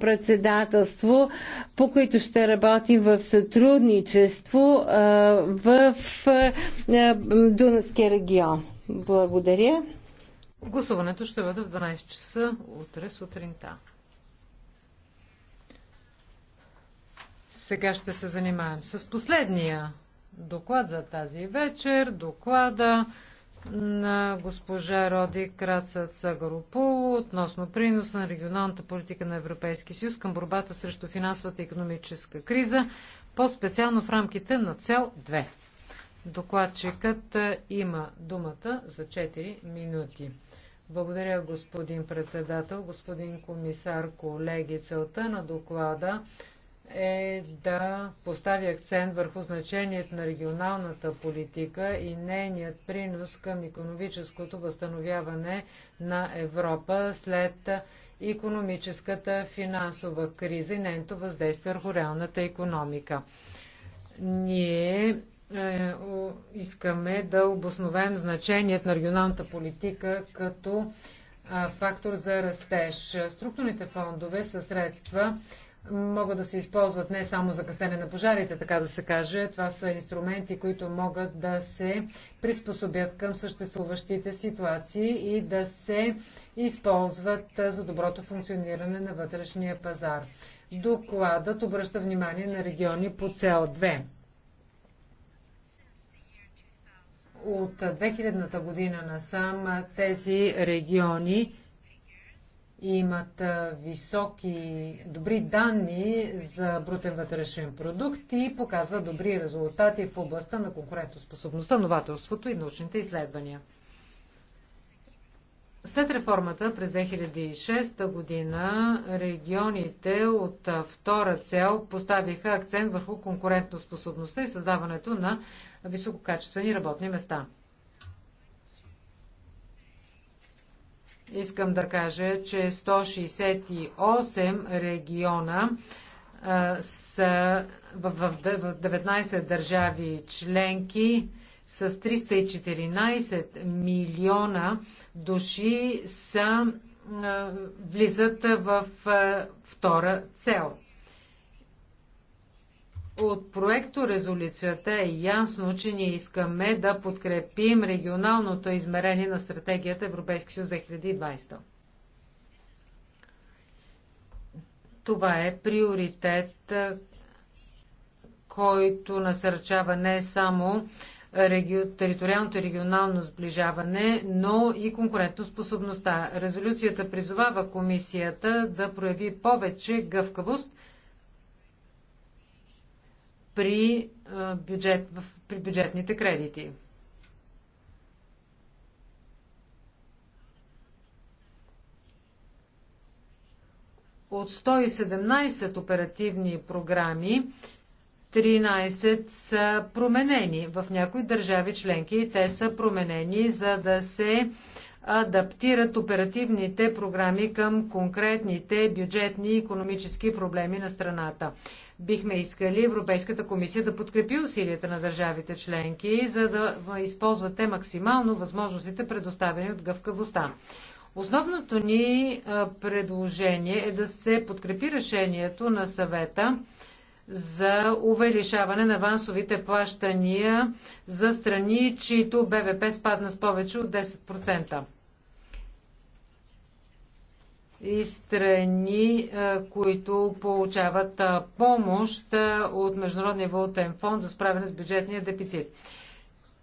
председателство, по които ще работим в сътрудничество в Дунавския регион. Благодаря. Гласуването ще бъде в 12 часа утре сутринта. Сега ще се занимаем с последния доклад за тази вечер. Доклада на госпожа Роди Краца Цагаропуло относно принос на регионалната политика на Европейския съюз към борбата срещу финансовата и економическа криза, по-специално в рамките на цел 2. Докладчикът е, има думата за 4 минути. Благодаря, господин председател, господин комисар, колеги. Целта на доклада е да постави акцент върху значението на регионалната политика и нейният принос към економическото възстановяване на Европа след економическата финансова криза и нейното въздействие върху реалната економика. Ние е, искаме да обосновем значението на регионалната политика като фактор за растеж. Структурните фондове са средства, могат да се използват не само за гасене на пожарите, така да се каже. Това са инструменти, които могат да се приспособят към съществуващите ситуации и да се използват за доброто функциониране на вътрешния пазар. Докладът обръща внимание на региони по цел 2. От 2000-та година насам тези региони имат високи, добри данни за брутен вътрешен продукт и показват добри резултати в областта на конкурентоспособността, нователството и научните изследвания. След реформата през 2006 година регионите от втора цел поставиха акцент върху конкурентоспособността и създаването на висококачествени работни места. Искам да кажа, че 168 региона са в, 19 държави членки с 314 милиона души са, влизат в втора цел. От проекто резолюцията е ясно, че ние искаме да подкрепим регионалното измерение на стратегията Европейски съюз 2020. Това е приоритет, който насърчава не само реги... териториалното и регионално сближаване, но и конкурентоспособността. Резолюцията призовава комисията да прояви повече гъвкавост – при, бюджет, при бюджетните кредити. От 117 оперативни програми 13 са променени в някои държави членки. и Те са променени за да се адаптират оперативните програми към конкретните бюджетни и економически проблеми на страната. Бихме искали Европейската комисия да подкрепи усилията на държавите членки, за да използват те максимално възможностите, предоставени от гъвкавостта. Основното ни предложение е да се подкрепи решението на съвета за увеличаване на авансовите плащания за страни, чието БВП спадна с повече от 10% и страни, които получават помощ от Международния валутен фонд за справяне с бюджетния дефицит.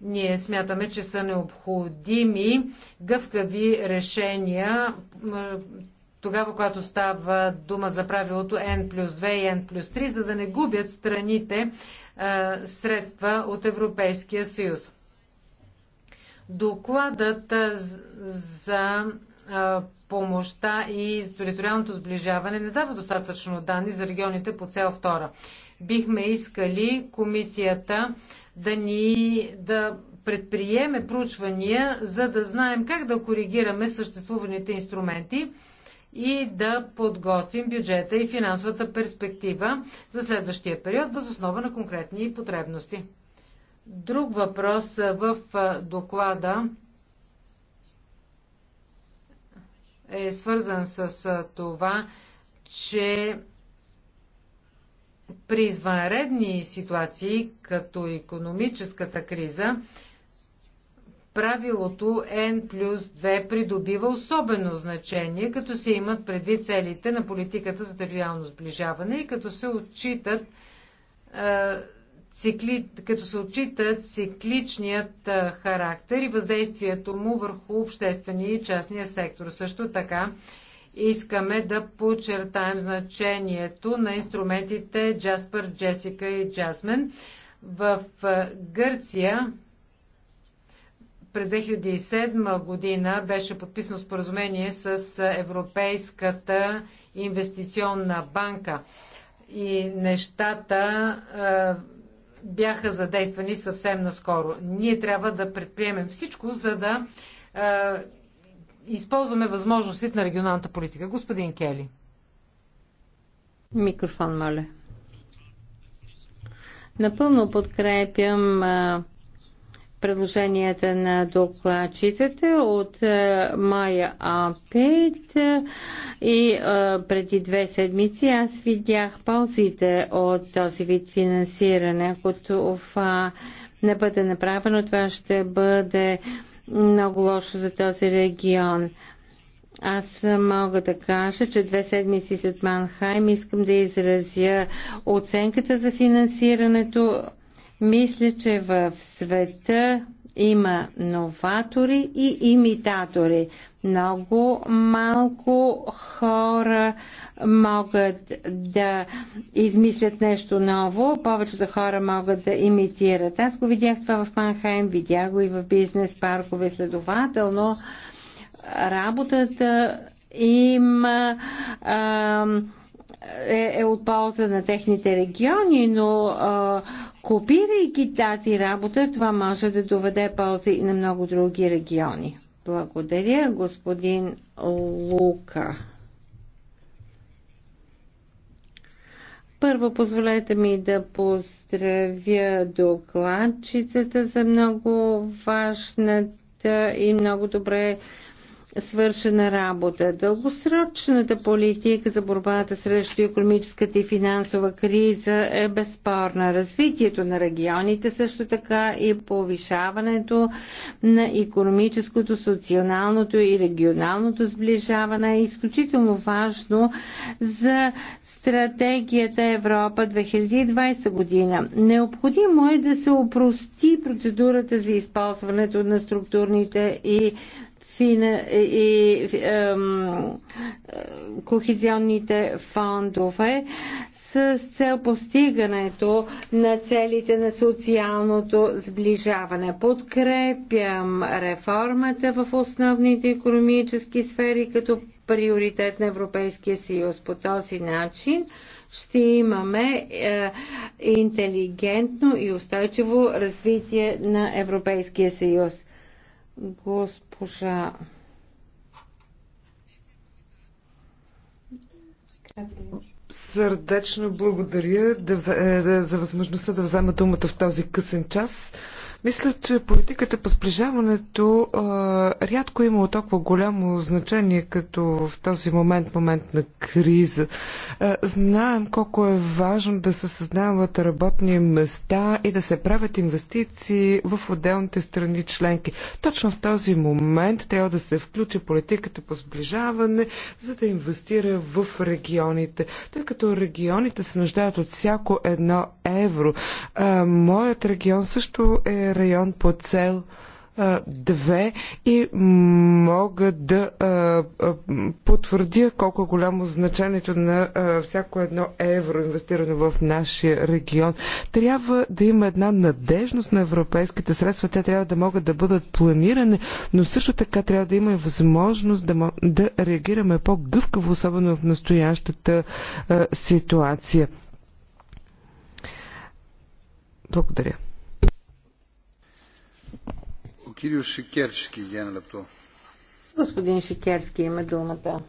Ние смятаме, че са необходими гъвкави решения тогава, когато става дума за правилото N плюс 2 и N плюс 3, за да не губят страните средства от Европейския съюз. Докладът за помощта и териториалното сближаване не дава достатъчно данни за регионите по цел втора. Бихме искали комисията да ни да предприеме проучвания, за да знаем как да коригираме съществуваните инструменти и да подготвим бюджета и финансовата перспектива за следващия период въз основа на конкретни потребности. Друг въпрос в доклада е свързан с това, че при извънредни ситуации, като економическата криза, правилото N плюс 2 придобива особено значение, като се имат предвид целите на политиката за териториално сближаване и като се отчитат е, цикли, като се отчита цикличният характер и въздействието му върху обществения и частния сектор. Също така искаме да подчертаем значението на инструментите Jasper, Jessica и Jasmine. В Гърция през 2007 година беше подписано споразумение с Европейската инвестиционна банка и нещата бяха задействани съвсем наскоро. Ние трябва да предприемем всичко, за да е, използваме възможностите на регионалната политика. Господин Кели. Микрофон, моля. Напълно подкрепям е, предложенията на докладчицата от е, Майя А5 е, и е, преди две седмици аз видях ползите от този вид финансиране. Ако това не бъде направено, това ще бъде много лошо за този регион. Аз мога да кажа, че две седмици след Манхайм искам да изразя оценката за финансирането мисля, че в света има новатори и имитатори. Много малко хора могат да измислят нещо ново, повечето хора могат да имитират. Аз го видях това в Манхайм, видях го и в бизнес паркове. Следователно, работата има. а, е, е от полза на техните региони, но а, копирайки тази работа, това може да доведе полза и на много други региони. Благодаря, господин Лука. Първо, позволете ми да поздравя докладчицата за много важната и много добре свършена работа. Дългосрочната политика за борбата срещу економическата и финансова криза е безспорна. Развитието на регионите също така и повишаването на економическото, социалното и регионалното сближаване е изключително важно за стратегията Европа 2020 година. Необходимо е да се опрости процедурата за използването на структурните и фина, и ем, кохезионните фондове с цел постигането на целите на социалното сближаване. Подкрепям реформата в основните економически сфери като приоритет на Европейския съюз. По този начин ще имаме е, интелигентно и устойчиво развитие на Европейския съюз. Госпожа. Сърдечно благодаря е, за възможността да взема думата в този късен час. Мисля, че политиката по сближаването а, рядко има толкова голямо значение, като в този момент, момент на криза. А, знаем колко е важно да се създават работни места и да се правят инвестиции в отделните страни членки. Точно в този момент трябва да се включи политиката по сближаване, за да инвестира в регионите. Тъй като регионите се нуждаят от всяко едно евро. А, моят регион също е район по цел 2 и мога да потвърдя колко е голямо значението на всяко едно евро инвестирано в нашия регион. Трябва да има една надежност на европейските средства. Те трябва да могат да бъдат планирани, но също така трябва да има и възможност да, да реагираме по-гъвкаво, особено в настоящата ситуация. Благодаря. Шикерски, е Лепто. Господин Шикерски има думата.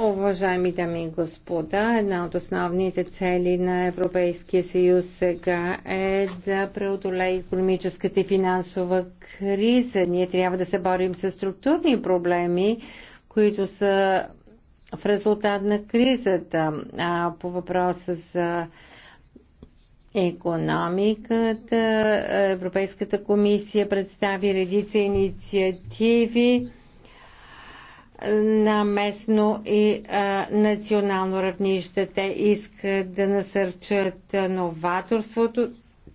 Уважаеми дами и господа, една от основните цели на Европейския съюз сега е да преодолее економическата и финансова криза. Ние трябва да се борим с структурни проблеми, които са в резултат на кризата. А по въпроса за економиката. Европейската комисия представи редица инициативи на местно и а, национално равнище. Те искат да насърчат новаторството,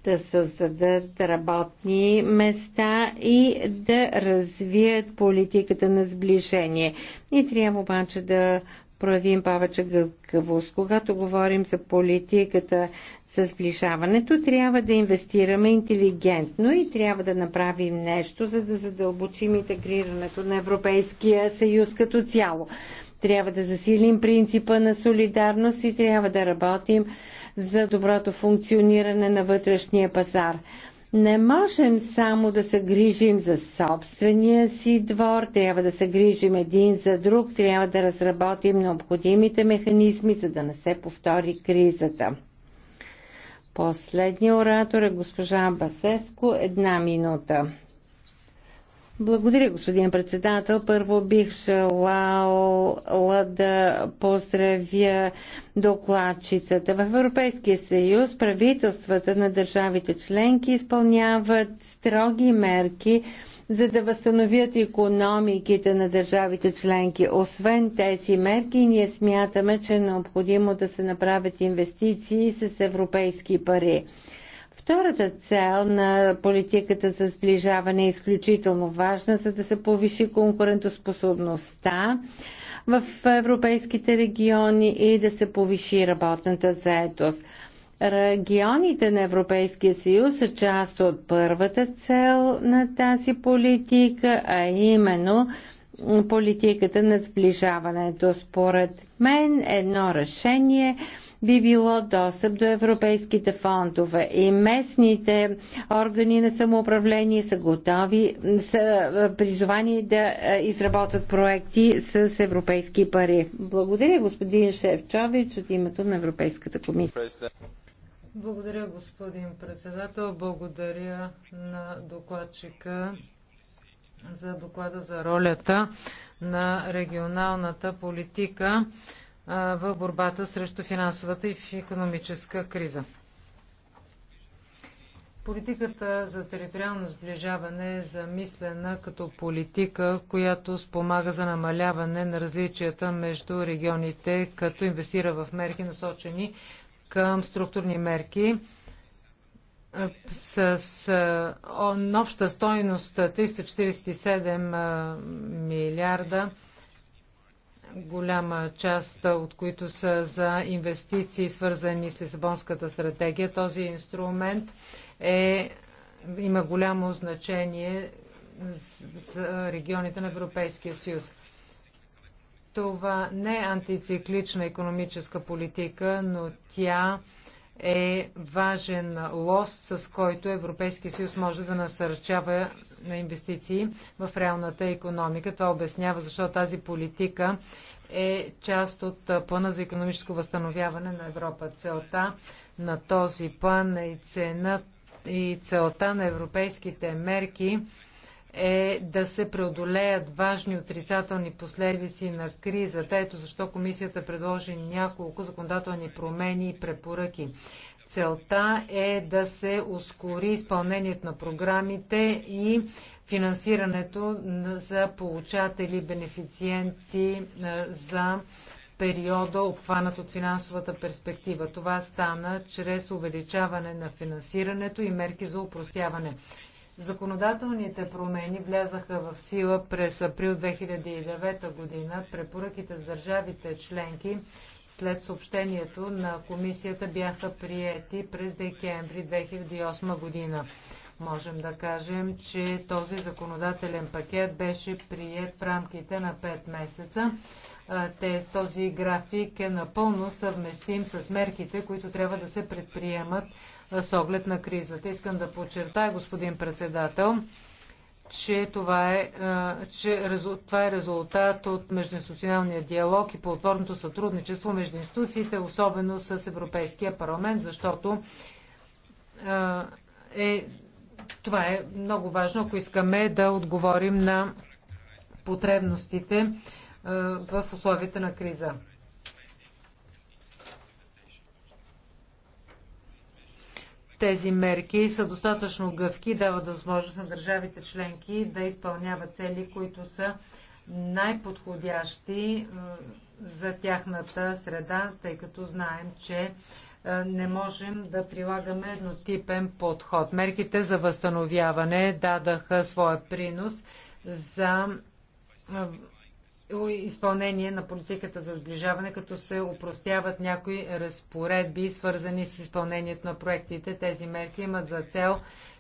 да създадат работни места и да развият политиката на сближение. И трябва обаче да проявим повече гъвкавост. Когато говорим за политиката с сближаването, трябва да инвестираме интелигентно и трябва да направим нещо, за да задълбочим интегрирането на Европейския съюз като цяло. Трябва да засилим принципа на солидарност и трябва да работим за доброто функциониране на вътрешния пазар. Не можем само да се грижим за собствения си двор, трябва да се грижим един за друг, трябва да разработим необходимите механизми, за да не се повтори кризата. Последният оратор е госпожа Басеско. Една минута. Благодаря, господин председател. Първо бих желала да поздравя докладчицата. В Европейския съюз правителствата на държавите членки изпълняват строги мерки за да възстановят економиките на държавите членки. Освен тези мерки, ние смятаме, че е необходимо да се направят инвестиции с европейски пари. Втората цел на политиката за сближаване е изключително важна, за да се повиши конкурентоспособността в европейските региони и да се повиши работната заетост. Регионите на Европейския съюз са част от първата цел на тази политика, а именно политиката на сближаването. Според мен едно решение – би било достъп до европейските фондове. И местните органи на самоуправление са готови, са призовани да изработват проекти с европейски пари. Благодаря господин Шевчович от името на Европейската комисия. Благодаря, господин председател. Благодаря на докладчика за доклада за ролята на регионалната политика в борбата срещу финансовата и економическа криза. Политиката за териториално сближаване е замислена като политика, която спомага за намаляване на различията между регионите, като инвестира в мерки насочени към структурни мерки с обща стойност 347 милиарда голяма част от които са за инвестиции, свързани с Лисабонската стратегия. Този инструмент е, има голямо значение за регионите на Европейския съюз. Това не е антициклична економическа политика, но тя е важен лост, с който Европейския съюз може да насърчава на инвестиции в реалната економика. Това обяснява защо тази политика е част от плана за економическо възстановяване на Европа. Целта на този план е и цена и целта на европейските мерки е да се преодолеят важни отрицателни последици на кризата. Ето защо комисията предложи няколко законодателни промени и препоръки. Целта е да се ускори изпълнението на програмите и финансирането за получатели, бенефициенти е, за периода, обхванат от финансовата перспектива. Това стана чрез увеличаване на финансирането и мерки за упростяване. Законодателните промени влязаха в сила през април 2009 година. Препоръките с държавите членки след съобщението на комисията бяха приети през декември 2008 година. Можем да кажем, че този законодателен пакет беше прият в рамките на 5 месеца. Те, този график е напълно съвместим с мерките, които трябва да се предприемат с оглед на кризата. Искам да подчертая, господин председател, че това е, че това е резултат от междуинституционалния диалог и плодотворното сътрудничество между институциите, особено с Европейския парламент, защото е това е много важно, ако искаме да отговорим на потребностите е, в условията на криза. Тези мерки са достатъчно гъвки, дават възможност на държавите членки да изпълняват цели, които са най-подходящи е, за тяхната среда, тъй като знаем, че е, не можем да прилагаме еднотипен подход. Мерките за възстановяване дадаха своя принос за е, изпълнение на политиката за сближаване, като се упростяват някои разпоредби, свързани с изпълнението на проектите. Тези мерки имат за цел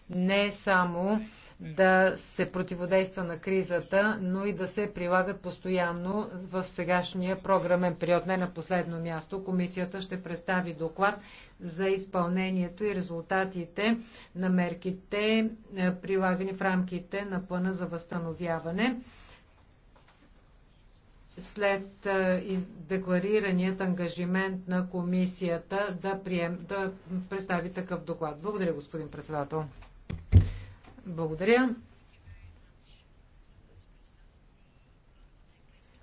не само да се противодейства на кризата, но и да се прилагат постоянно в сегашния програмен период. Не на последно място, комисията ще представи доклад за изпълнението и резултатите на мерките, е, прилагани в рамките на плана за възстановяване след декларираният ангажимент на комисията да, прием, да представи такъв доклад. Благодаря, господин председател. Благодаря.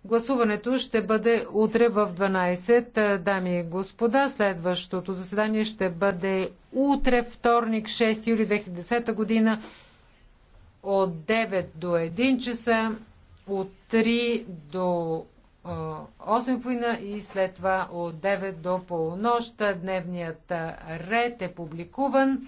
Гласуването ще бъде утре в 12. Дами и господа, следващото заседание ще бъде утре, вторник, 6 юли 2010 година от 9 до 1 часа от 3 до 8.30 и след това от 9 до полунощ. Дневният ред е публикуван.